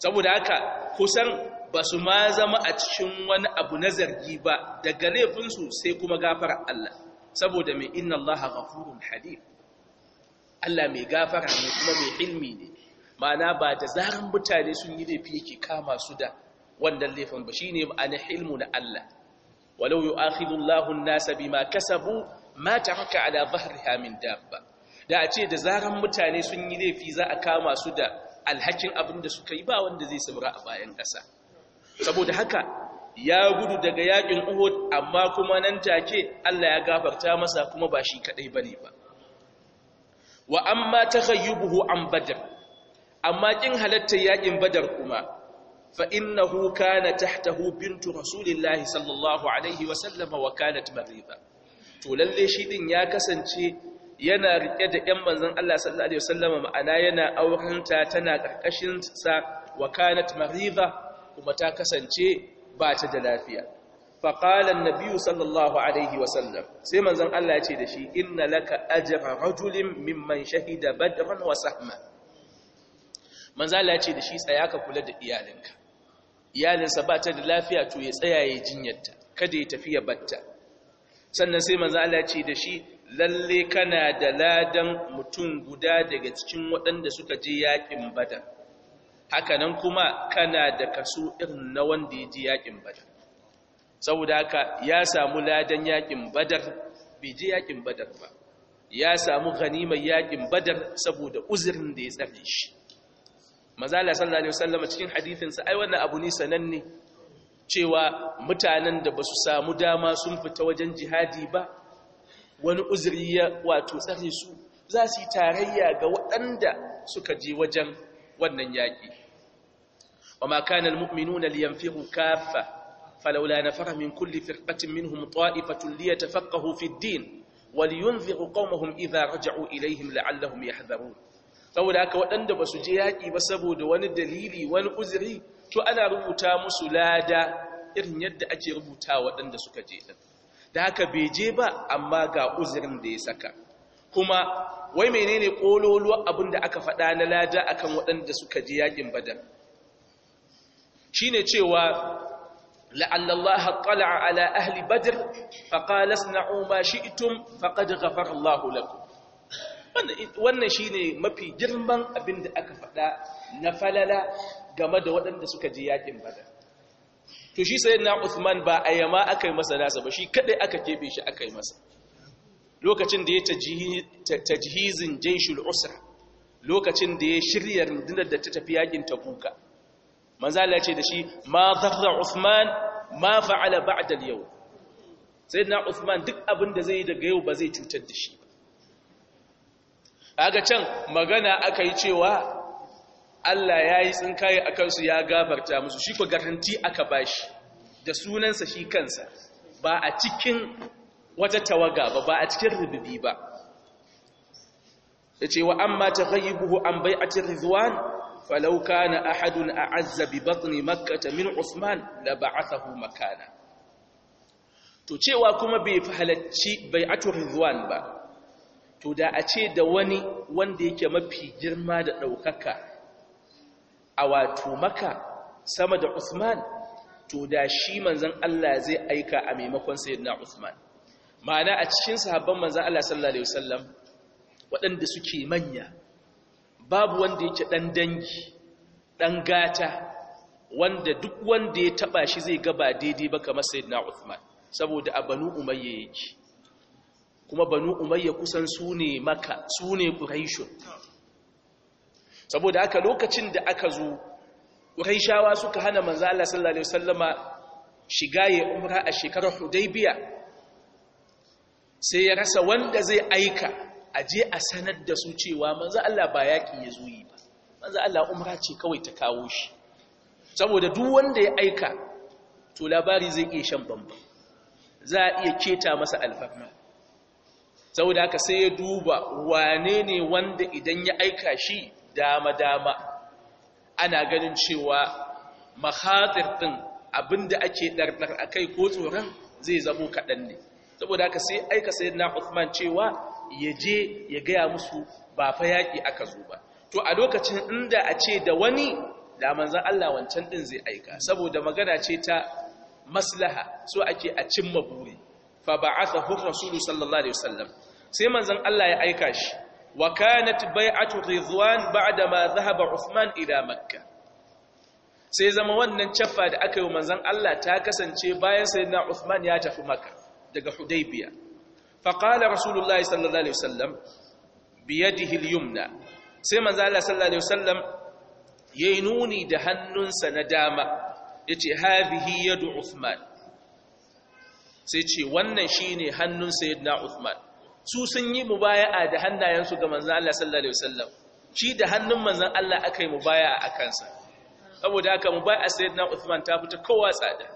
saboda haka kusan ba su ma zama a cikin wani abu na zargi ba daga laifinsu sai kuma gafara Allah saboda mai inna Allah ghafurun halim Allah mai gafara ne kuma mai ilmi ne ma'ana ba da zaran mutane sun yi laifi yake kama su da wannan laifin ba shine ma'ana ilmu na Allah walau yu'akhidhu Allahu an-nasa bima kasabu ma haka ala dhahriha min dabba da a ce da zaran mutane sun yi laifi za a kama su da alhakin abin da suka yi ba wanda zai saura a bayan ƙasa saboda haka ya gudu daga yakin uhud amma kuma nan take Allah ya gafarta masa kuma ba shi ba ne ba wa amma takhayyubuhu an badar. amma kin halatta yakin badar kuma fa innahu kana tahtahu bintu rasulillahi sallallahu alaihi wa sallama wa kanat mariba to lalle shi ya kasance yana rike da ƴan manzon Allah sallallahu alaihi wasallam ma'ana yana aurinta tana karkashin sa wa kanat mariza kuma ta kasance ba ta da lafiya fa qala an sallallahu alaihi wasallam sai manzon Allah ya ce da shi inna laka ajra rajulin mimman shahida badran wa sahma manzon Allah ya ce da shi tsaya ka kula da iyalinka iyalinsa ba ta da lafiya to ya tsaya ya jinyarta kada ya tafi ya batta sannan sai manzon Allah ya ce da shi lalle kana da ladan mutum guda daga cikin waɗanda suka je yaƙin badar hakanan kuma kana da kaso irin na wanda ya ji yaƙin badar saboda haka ya samu ladan yaƙin badar bai ji yaƙin badar ba ya samu ganimar yaƙin badar saboda uzurin da ya tsare shi mazala sallallahu alaihi wasallam cikin hadisinsa ai wannan abu ne sananne cewa mutanen da ba su samu dama sun fita wajen jihadi ba wani uzuri ya wato tsare su za su yi tarayya ga waɗanda suka je wajen wannan yaƙi wa ma kana almu'minuna kafa kaffa falawla nafara min kulli firqatin minhum ta'ifatun liyatafaqahu fi ad-din wa liyunziru qaumahum iza raja'u ilaihim la'allahum hadaru. saboda haka waɗanda ba su je yaƙi ba saboda wani dalili wani uzuri to ana rubuta musu lada irin yadda ake rubuta waɗanda suka je ɗin da haka bai je ba amma ga uzirin da ya saka kuma wai menene kololuwa abinda da aka faɗa na lada akan waɗanda suka je yakin badar shine cewa لعل الله ala ahli badr بدر فقال اصنعوا ما شئتم فقد غفر الله لكم wannan shine mafi girman abinda aka faɗa na falala game da waɗanda suka ji yakin badar to shi sayyidina Uthman ba a yama aka yi masa nasa ba shi kadai aka kebe shi aka yi masa lokacin da ya tajhizin jaishul usra lokacin da ya shirya rundunar da ta tafi yakin tabuka manzo Allah ce da shi ma Usman Uthman ma fa'ala ba'da al-yawm sayyidina Uthman duk abin da zai yi daga yau ba zai cutar da shi ba aga can magana aka yi cewa Allah ya yi tsinkaye a kansu ya gafarta musu shi ko garanti aka bashi da sunansa shi kansa ba a cikin wata tawaga ba ba a cikin rububi ba ya ce wa amma ta buhu an bai a cikin rizwan falauka na ahadun a azzabi batni makkata min usman da ba'athahu makana to cewa kuma bai halarci bai a rizwan ba to da a ce da wani wanda yake mafi girma da ɗaukaka a wato maka sama da Usman to da shi manzan Allah zai aika a maimakon sayyidina Usman ma'ana a cikin sahabban manzan Allah sallallahu alaihi wasallam waɗanda suke manya babu wanda yake ɗan dangi ɗan gata wanda duk wanda ya taɓa shi zai gaba daidai ba kamar sayyidina Usman, saboda a banu umayya yake kuma banu umayya kusan su ne maka su ne quraishun saboda haka lokacin da aka zo shawa suka hana manzo Allah sallallahu alaihi wasallama shiga ya umra a shekarar Hudaybiya sai ya rasa wanda zai aika a je a sanar da su cewa manzo Allah ba yaki ya zo yi ba manzo Allah umra ce kawai ta kawo shi saboda duk wanda ya aika to labari zai iya shan bamba za a iya keta masa alfarma saboda haka sai ya duba wane ne wanda idan ya aika shi dama-dama ana ganin cewa mahatir ɗin, abinda ake ɗarɗar a kai ko tsoron zai zamo kaɗan ne saboda aka sai aika sai na Uthman cewa ya je ya gaya musu ba fa yaƙi aka zo ba to a lokacin inda a ce da wani da manzan Allah wancan ɗin zai aika saboda magana ce ta maslaha so ake a cimma buri fa ba'athahu rasulu sallallahu alaihi wasallam sai manzan Allah ya aika shi وكانت بيعة رضوان بعدما ذهب عثمان إلى مكة sai zama wannan caffa da aka yi wa manzan Allah ta kasance bayan sai Uthman ya tafi maka daga Hudaybiya faqala rasulullahi sallallahu alaihi wasallam biyadihi al-yumna sai manzan Allah sallallahu alaihi wasallam yayi nuni da hannunsa na dama yace hadhihi yadu Uthman sai ce wannan shine hannun sayyidina Uthman su sun yi mubaya'a da hannayensu ga manzan Allah sallallahu alaihi wasallam shi da hannun manzan Allah aka yi mubaya'a a kansa saboda haka mubaya'a na Uthman ta fita kowa tsada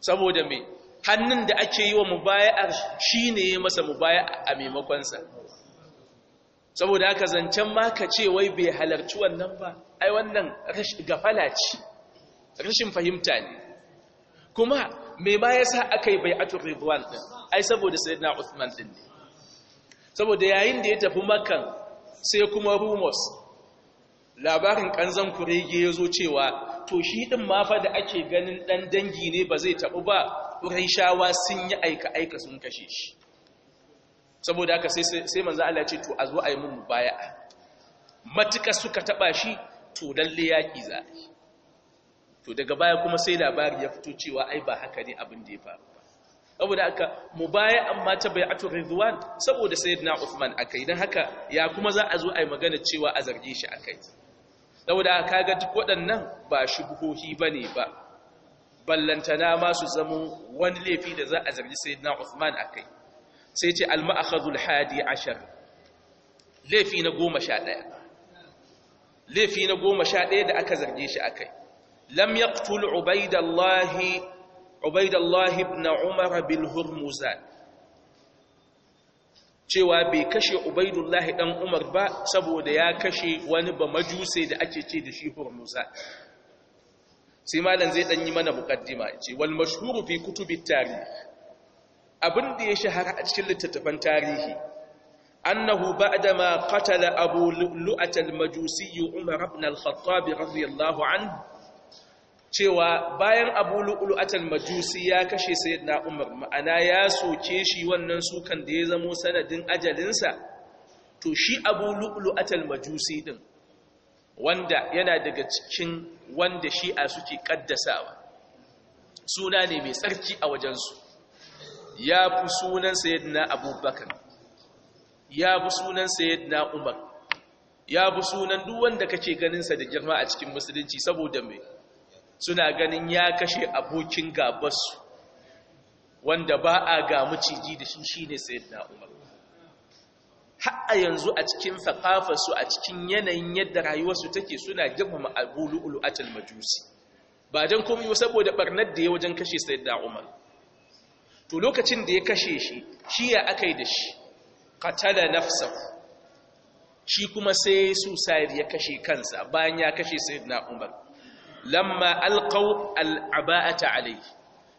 saboda me hannun da ake yi wa shi ne ya masa mubaya'a a maimakonsa. saboda haka zancen maka ce wai bai halarci wannan ba ai wannan rashin fahimta ne kuma me ma ya sa aka yi bai'atul ridwan ai saboda sayyidina Uthman din ne saboda yayin da ya tafi makan sai kuma rumors labarin kanzan kurege ya zo cewa to shi din ma fa da ake ganin dan dangi ne ba zai tabu ba shawa sun yi aika aika sun kashe shi saboda haka sai sai manzo Allah ya ce to a zo a yi mun mubaya'a matuka suka taba shi to lalle yaki za to daga baya kuma sai labari ya fito cewa ai ba haka ne abin da ya faru saboda mu baya amma ta bai'atu rizwan saboda sayyidina usman akai dan haka ya kuma za a zo a yi magana cewa a zarge shi akai saboda ga duk waɗannan ba shubuhohi bane ba ballantana ma su zamo wani laifi da za a zargi sayyidina Uthman akai sai ce al-ma'akhadhul hadi ashar laifi na 11 laifi na 11 da aka zarge shi akai lam yaqtul ubaidallahi ubaidallah ibn umar bil cewa bai kashe ubaidullah dan umar ba saboda ya kashe wani ba da ake ce da shi hurmuzan sai malam zai dan yi mana muqaddima ce wal fi kutubit tarih abin da ya shahara a cikin littattafan tarihi annahu ba'da ma qatala abu lu'at al-majusi umar ibn al-khattab radiyallahu anhu cewa bayan abu lu'ulu'atal majusi ya kashe sayyidina umar ma'ana ya soke shi wannan sukan da ya zamo sanadin ajalinsa to shi abu lu'ulu'atal majusi din wanda yana daga cikin wanda shi a suke kaddasawa suna ne mai tsarki a wajensu ya fi sunan sayyidina abubakar ya fi sunan sayyidina umar ya fi sunan duk wanda kake ganinsa da girma a cikin musulunci saboda mai suna ganin ya kashe abokin gabasu, wanda ba a ga maciji da shi shine sayyidina umar har yanzu a cikin safafarsu a cikin yanayin yadda rayuwarsu take suna girmama abu lu'ulu'atul majusi ba dan komai saboda barnar da ya wajen kashe sayyidina umar to lokacin da ya kashe shi shi ya aka yi da shi katala nafsa shi kuma sai sayar ya kashe kansa bayan ya kashe sayyidina umar lamma alqaw al'aba'ata alayhi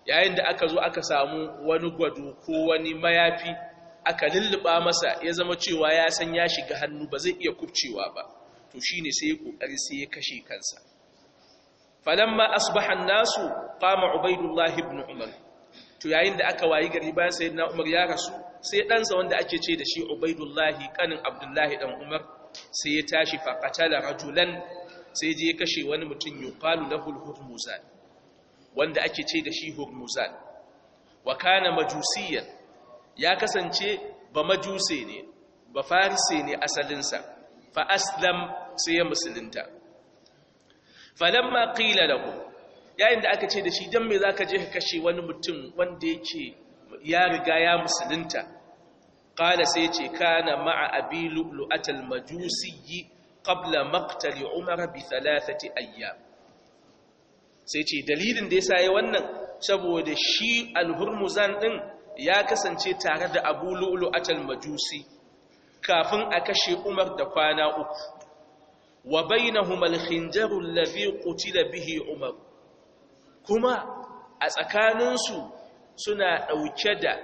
yayin da aka zo aka samu wani gwado ko wani mayafi aka lulluɓa masa ya zama cewa ya san ya shiga hannu ba zai iya kubcewa ba to shine sai ya kokari sai ya kashe kansa falamma asbaha an-nasu qama ubaydullah ibn umar to yayin da aka wayi gari bayan sayyidina umar ya rasu sai ɗansa wanda ake ce da shi ubaydullah ƙanin Abdullahi dan umar sai ya tashi faqatala rajulan sai je kashe wani mutum yuqalu lahu al-hurmuzan wanda ake ce da shi hurmuzan wa kana majusiyan ya kasance ba majuse ne ba farise ne asalinsa fa aslam sai ya musulunta falamma qila lahu yayin da aka ce da shi dan me zaka je ka kashe wani mutum wanda yake ya riga ya musulunta qala sai ce kana ma'a abi lu'atal majusi qabla maqtali umar bi thalathati ayyam sai ce dalilin da yasa yayi wannan saboda shi al-hurmuzan din ya kasance tare da abu atal majusi kafin a kashe umar da kwana uku wa bainahuma khinjaru alladhi qutila bihi umar kuma a tsakaninsu suna ɗauke da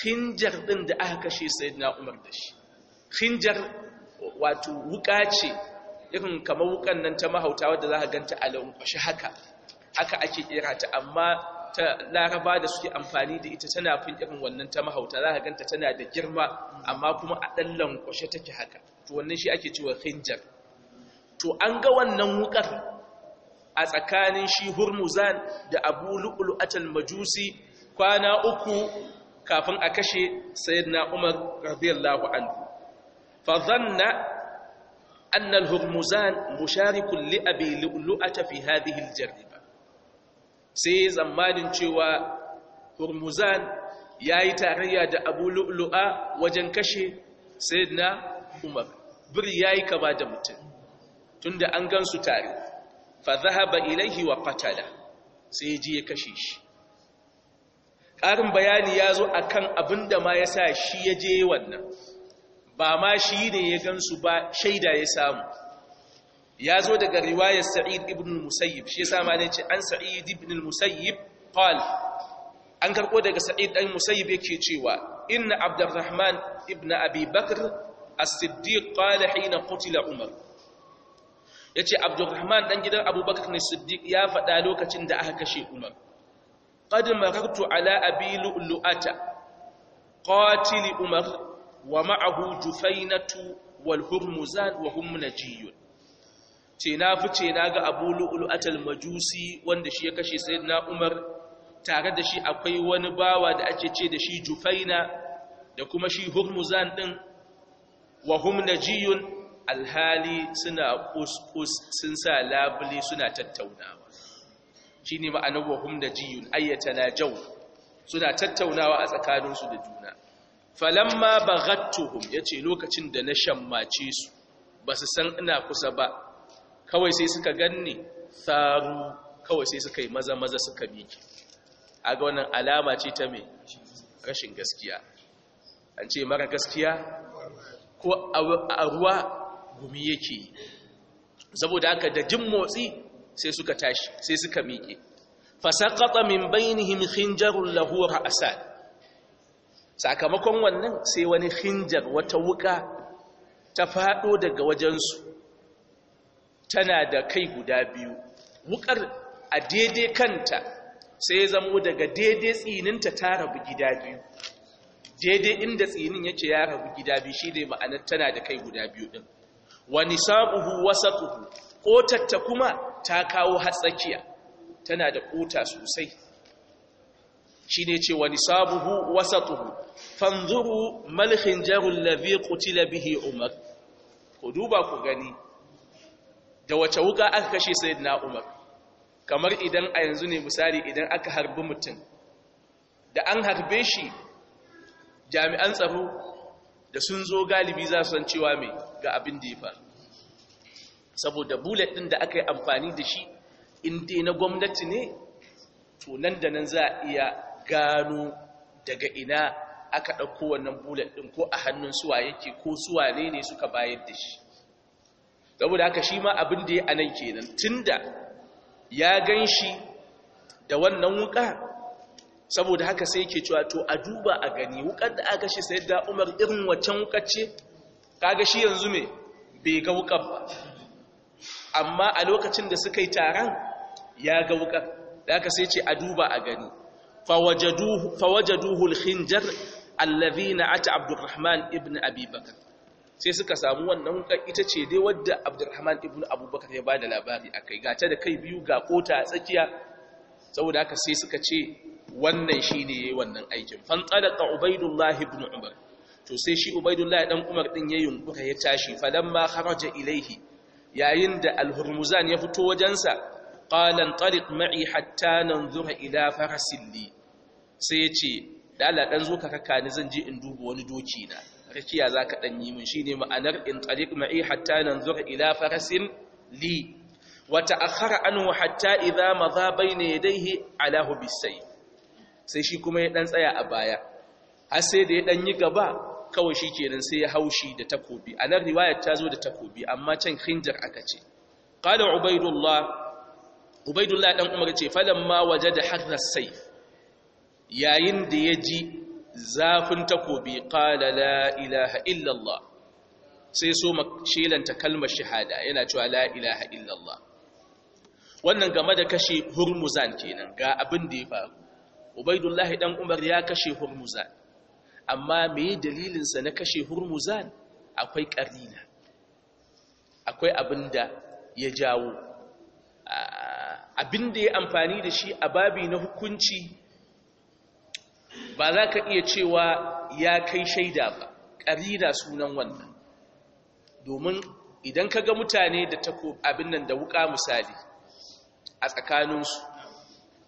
khinjar ɗin da aka kashe sayyidina umar da shi khinjar wato wuka ce irin kamar wukan nan ta mahauta wadda za ka ganta a lankwashi haka haka ake kira ta amma ta laraba da suke amfani da ita tana fin irin wannan ta mahauta za ka ganta tana da girma amma kuma a ɗan lankwashi take haka to wannan shi ake cewa hinjar to an ga wannan wukar a tsakanin shi hurmuzan da abu lu'ulu'atal majusi kwana uku kafin a kashe sayyidina umar radiyallahu anhu فظن أن الهرمزان مشارك لأبي لؤلؤة في هذه ba, sai zammanin cewa hurmuzan ya yi tarayya da abu lu'lu'a wajen kashe sayyidina umar biri ya yi kama da mutum tunda an gansu tare fa zahaba ilaihi wa qatala sai ji ya kashe shi ƙarin bayani ya zo a kan abin da ma ya sa shi ya je wannan ba ma shi ne ya gansu ba shaida ya samu ya zo daga riwayar sa'id ibn musayyib shi yasa ma ne ce an sa'id ibn musayyib qal an karko daga sa'id dan musayyib yake cewa inna abdurrahman ibn abi bakr as-siddiq qala hina qutila umar yace abdurrahman dan gidan abubakar ne siddiq ya faɗa lokacin da aka kashe umar qad marartu ala abi lu'lu'ata qatil umar wa ma'ahu jufainatu wal hurmuzan wa hum najiyun ce na fice na ga abu atal majusi wanda shi ya kashe sayyidina umar tare da shi akwai wani bawa da ake ce da shi jufaina da kuma shi hurmuzan din wa hum najiyun alhali suna kuskus, sun sa labule suna tattaunawa shine ma'anar wa hum najiyun ayyata najau suna tattaunawa a tsakaninsu da juna falamma baghattuhum yace lokacin da na shammace su basu san ina kusa ba kawai sai suka ganni saru kawai sai suka yi maza maza suka miki aga wannan alama ce ta me rashin gaskiya an ce mara gaskiya ko a ruwa gumi yake yi saboda haka da jin motsi sai suka tashi sai suka miƙe fasaqata min bainihim khinjarun lahu ra'asan sakamakon wannan sai wani hinjar wata wuka ta faɗo daga wajensu tana da kai guda biyu wukar a daidai kanta sai ya zamo daga daidai tsininta ta rabu gida biyu daidai inda tsinin yake ya rabu gida biyu shi ne ma'anar tana da kai guda biyu ɗin wani sabuhu wasa ƙotatta kuma ta kawo hatsakiya tana da ƙota sosai shine ce wa nisabuhu wasatuhu fanzuru mal khinjaru allazi qutila bihi umar ku duba ku gani da wace wuka aka kashe sayyidina umar kamar idan a yanzu ne misali idan aka harbi mutum da an harbe shi jami'an tsaro da sun zo galibi za su san cewa mai ga abin da ya fa. saboda bullet din da aka yi amfani da shi in dai na gwamnati ne to nan da nan za a iya gano daga ina aka ɗauko wannan bulet ɗin ko a hannun suwa yake ko suwa ne ne suka bayar da shi saboda haka shi ma abin da ya anan kenan tunda ya gan shi da wannan wuka saboda haka sai ke cewa to a duba a gani wukar da aka shi sai da umar irin waccan wukar ce kaga shi yanzu me bai ga wukar ba amma a lokacin da suka yi taron ya ga wukar da aka sai ce a duba a gani fawajaduhu al-khinjar allazina ata abdurrahman ibn abi sai suka samu wannan wuka ita ce dai wadda abdurrahman ibn abubakar ya ba da labari a kai gata da kai biyu ga kota a tsakiya saboda haka sai suka ce wannan shi ne ya yi wannan aikin fantsalaka ubaidullah ibn umar to sai shi ubaidullah dan umar din ya yunkura ya tashi falamma kharaja ilaihi yayin da alhurmuzan ya fito wajensa qalan tariq ma'i hatta nanzura ila farasin li sai ce da Allah dan zo ka kaka ni zan je in duba wani doki na rakiya zaka dan yi min shine ma'anar in tariq ma'i hatta nanzura ila farasin li wa ta'akhkhara anhu hatta idha madha bayna yadayhi alahu bisayf sai shi kuma ya dan tsaya a baya har sai da ya dan yi gaba kawai shi kenan sai ya haushi da takobi a nan ta zo da takobi amma can khinjar aka ce qala ubaidullah ubaidullah dan umar ce ma waje da harra sai yayin da ya ji zafin takobi ƙala la ilaha illallah sai so shelanta kalmar shahada yana cewa la ilaha illallah wannan game da kashe hurmuzan kenan ga abin da ya faru ubaidullahi dan umar ya kashe hurmuzan amma me dalilinsa na kashe hurmuzan akwai karina akwai abin da ya jawo abin da ya amfani da shi a babi na hukunci ba za ka iya cewa ya kai shaida ba da sunan wannan domin idan ka ga mutane da tako abin nan da wuka misali a tsakaninsu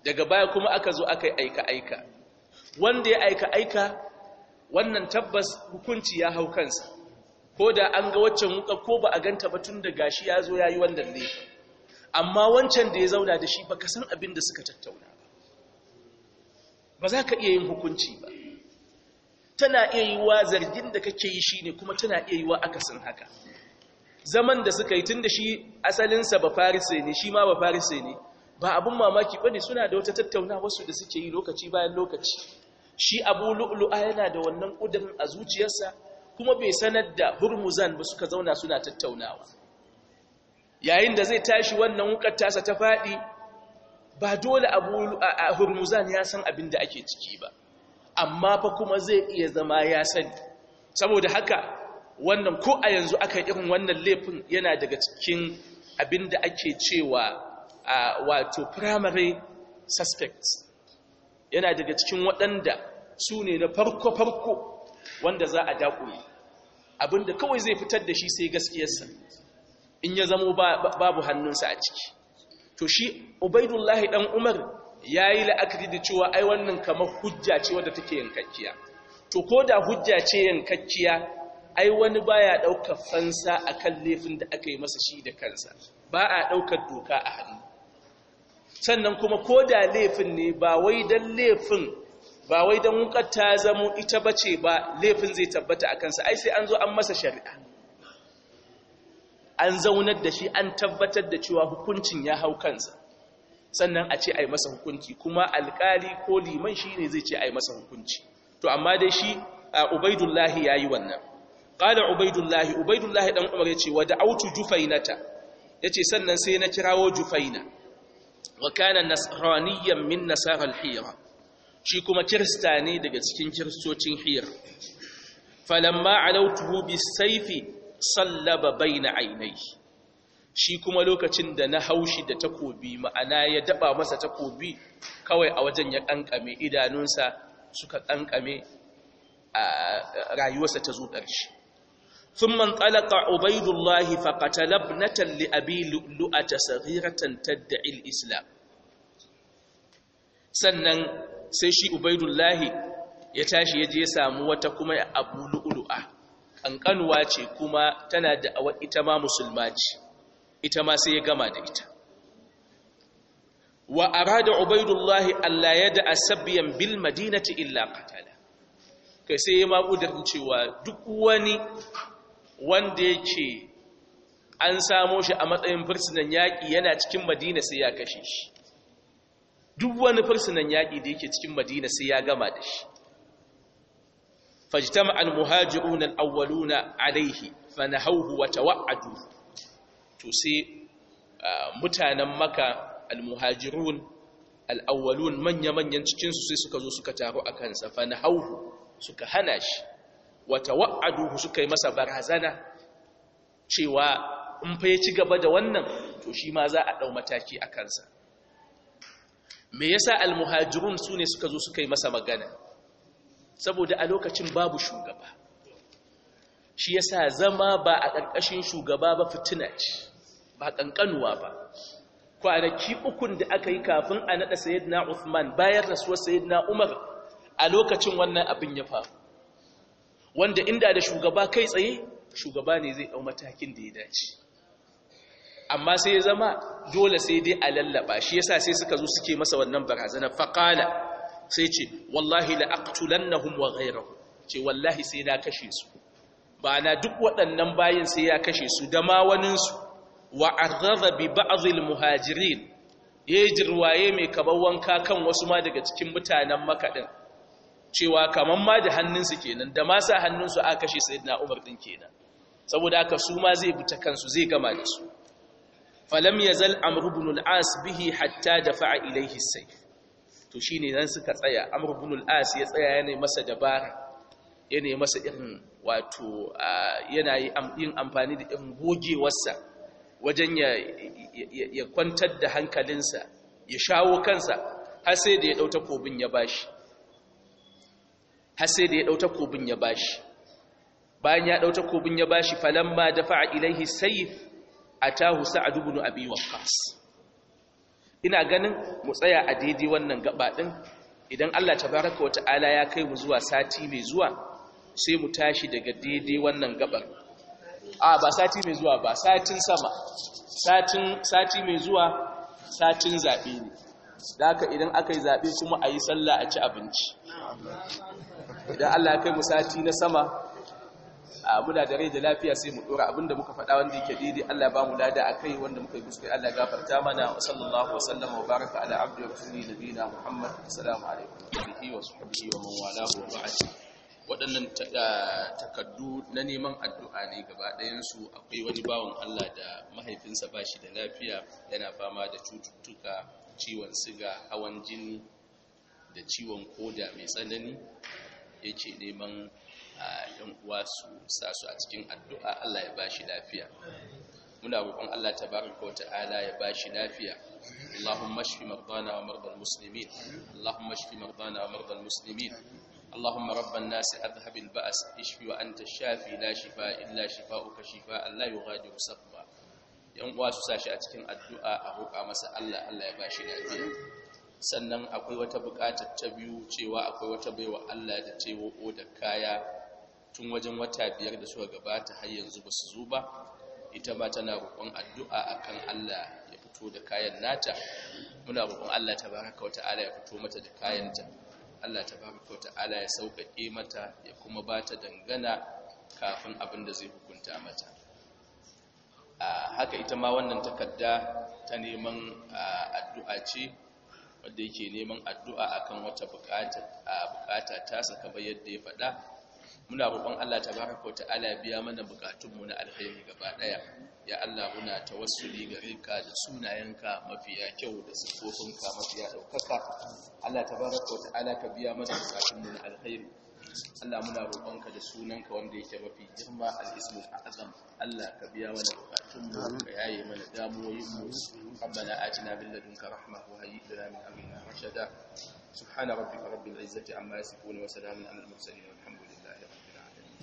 daga baya kuma aka zo aka yi aika-aika wanda ya aika-aika wannan tabbas hukunci ya hau kansa ko da an ga waccan wuka ko ba a ganta ba tun da gashi ya zo ya yi wanda laifin amma wancan da ya zauna da shi ba ka san abin da suka tattauna ba ba za ka iya yin hukunci ba tana iya yi wa zargin da kake yi shi ne kuma tana iya yi wa akasin haka zaman da suka yi tun da shi asalinsa ba farise ne shi ma ba farise ne ba abin mamaki ba ne suna da wata tattauna wasu da suke yi lokaci bayan lokaci shi abu lu'lu'a yana da wannan ƙudurin a zuciyarsa kuma bai sanar da burmuzan ba suka zauna suna tattaunawa yayin da zai tashi wannan wukar tasa ta faɗi ba dole a hurmuzan ya san abin da ake ciki ba amma fa kuma zai iya zama ya sani saboda haka wannan ko a yanzu aka irin wannan laifin yana daga cikin abin da ake cewa wato primary suspects yana daga cikin waɗanda su ne na farko-farko wanda za a Abin abinda kawai zai fitar da shi sai gaskiyarsa in ya zamo babu hannunsa a ciki to shi ubaidullahi ɗan umar ya yi la'akari da cewa ai wannan kamar hujja ce wadda take yankakkiya to ko da hujja ce yankakkiya ai wani ba ya ɗaukar fansa a kan laifin da aka yi masa shi da kansa ba a ɗaukar doka a hannu sannan kuma ko da laifin ne ba wai don laifin ba wai don wukar ta zamo ita bace ba laifin zai tabbata a kansa ai sai an zo an masa shari'a an zaunar da shi an tabbatar da cewa hukuncin ya hau kansa sannan a ce a yi masa hukunci kuma alkali ko liman shi ne zai ce a yi masa hukunci to amma dai shi a ubaidullahi ya yi wannan ƙada ubaidullahi ubaidullahi ɗan umar ya ce wa da autu jufainata ya ce sannan sai na kirawo jufaina wa kana nasraniyan min nasarar hira shi kuma kirista ne daga cikin kiristocin hira falamma alautu bi saifi sallaba na ainihi, shi kuma lokacin da na haushi da takobi ma'ana ya daba masa takobi kawai a wajen ya kankame idanunsa suka kankame rayuwarsa ta zo ƙarshe thumma talaqa ubaydullah fa qatala ibnatan li abi lu'ata saghiratan tad'i al-islam sannan sai shi ubaidullahi ya tashi ya je ya samu wata kuma abu lu'lu'a ƙanƙanuwa ce kuma tana da awa ita ma musulma ce ita ma sai ya gama da ita wa arada ubaidullahi Allah ya da asabiyan bil madinati illa qatala kai sai ya maƙudarin cewa duk wani wanda yake an samo shi a matsayin fursunan yaƙi yana cikin madina sai ya kashe shi duk wani fursunan yaƙi da yake cikin madina sai ya gama da shi Fajtam almuhajirun al'awwalu na Alayhi fana hauhu wata wa'adun, to sai mutanen maka almuhajirun, al'awwalu, manya-manyan cikinsu sai suka zo suka taru a kansa. Fana hauhu suka hana shi. Wata wa'adun suke masa barazana cewa in fa ya ci gaba da wannan, to shi ma za a ɗau mataki a kansa. Me yasa sa almuhajirun sune ne suka zo su kai masa magana? saboda a lokacin babu shugaba shi yasa zama ba a ƙarƙashin shugaba ba fitina ce ba ƙanƙanuwa ba kwanaki ukun da aka yi kafin a naɗa na Uthman bayan rasuwar na Umar a lokacin wannan abin ya faru wanda inda da shugaba kai tsaye shugaba ne zai ɗau matakin da ya dace amma sai ya zama dole sai dai a lallaba shi yasa sai suka zo suke masa wannan barazana faqala sai ce wallahi la'aqtulannahum wa ghayrahum ce wallahi sai na kashe su ba na duk waɗannan bayin sai ya kashe su da ma wanin su wa arradha bi ba'd muhajirin yayi jirwaye mai kabar wanka kan wasu ma daga cikin mutanen Makka din cewa kaman ma da hannunsu kenan da ma sa hannunsu aka kashe sayyidina Umar din kenan saboda haka su ma zai buta kansu zai gama da su falam yazal amr ibn al-as bihi hatta dafa'a ilayhi sayf to shi ne nan suka tsaya amr ibn al-as ya tsaya masa dabara ya yana masa irin wato yana yin amfani da irin gogewarsa wajen ya kwantar da hankalinsa ya shawo kansa har sai da ya dauta kobin ya bashi har sai da ya dauta kobin ya bashi bayan ya ɗauta kobin ya bashi falamma dafa ilaihi a a sa'd wa abi ina ganin mu tsaya a daidai wannan gaba din idan Allah tabaraka wata'ala ya kai mu zuwa sati mai zuwa sai mu tashi daga daidai wannan gabar a ba sati mai zuwa ba satin sama satin sati mai zuwa satin zabe ne da haka idan aka yi zabe kuma a yi sallah a ci abinci idan Allah ya kai mu sati na sama a muna da rai da lafiya sai mu dora abinda muka faɗa wanda yake daidai Allah ba mu lada akai wanda muka yi kuskure Allah gafarta mana wa sallallahu wa sallama wa baraka ala abdi wa rasuli nabina Muhammad assalamu alaikum wa sahbihi wa man walahu wa ba'd waɗannan takaddu na neman addu'a ne gaba ɗayan su akwai wani bawan Allah da mahaifinsa ba shi da lafiya yana fama da cututtuka ciwon siga hawan jini da ciwon koda mai tsanani yake neman yan uwa su sa su a cikin addu'a Allah ya bashi lafiya muna roƙon Allah tabaraka wata'ala ya bashi lafiya Allahumma shi mardana wa mardal muslimin Allahumma shfi mardana wa Allahumma Rabban اللهم رب الناس أذهب البأس اشف وأنت الشافي shifa شفاء إلا شفاؤك شفاء لا يغادر سقما yan uwa su sashi a cikin addu'a a roƙa masa Allah Allah ya bashi lafiya sannan akwai wata buƙatar ta biyu cewa akwai wata baiwa Allah da ce da kaya tun wajen wata biyar da suka gabata har yanzu ba su zo ba ita ma tana roƙon addu'a akan Allah ya fito da kayan nata muna roƙon Allah tabaraka ta'ala ya fito mata da kayanta Allah tabaraka ta'ala ya sauƙaƙe mata ya kuma ba ta dangana kafin abin da zai hukunta mata a haka ita ma wannan takarda ta neman addu'a ce wadda yake neman addu'a akan wata bukata ta saka bayyana yadda ya faɗa muna roƙon Allah tabaraka wata'ala biya mana buƙatunmu na alkhairi gaba ɗaya, ya Allah muna tawassuli gare ka da sunayenka mafiya kyau da sifofinka mafiya ɗaukaka. Allah tabaraka wata'ala ka biya mana buƙatunmu na alkhairi Allah muna roƙonka da sunanka wanda yake mafi girma al-ismul azam Allah ka biya mana buƙatunmu, ka yaye mana damuwoyinmu rabbana atina bil ladunka rahma wa hayyi lana min amrina rashada subhana rabbika rabbil izzati amma yasifun wa salamun alal mursalin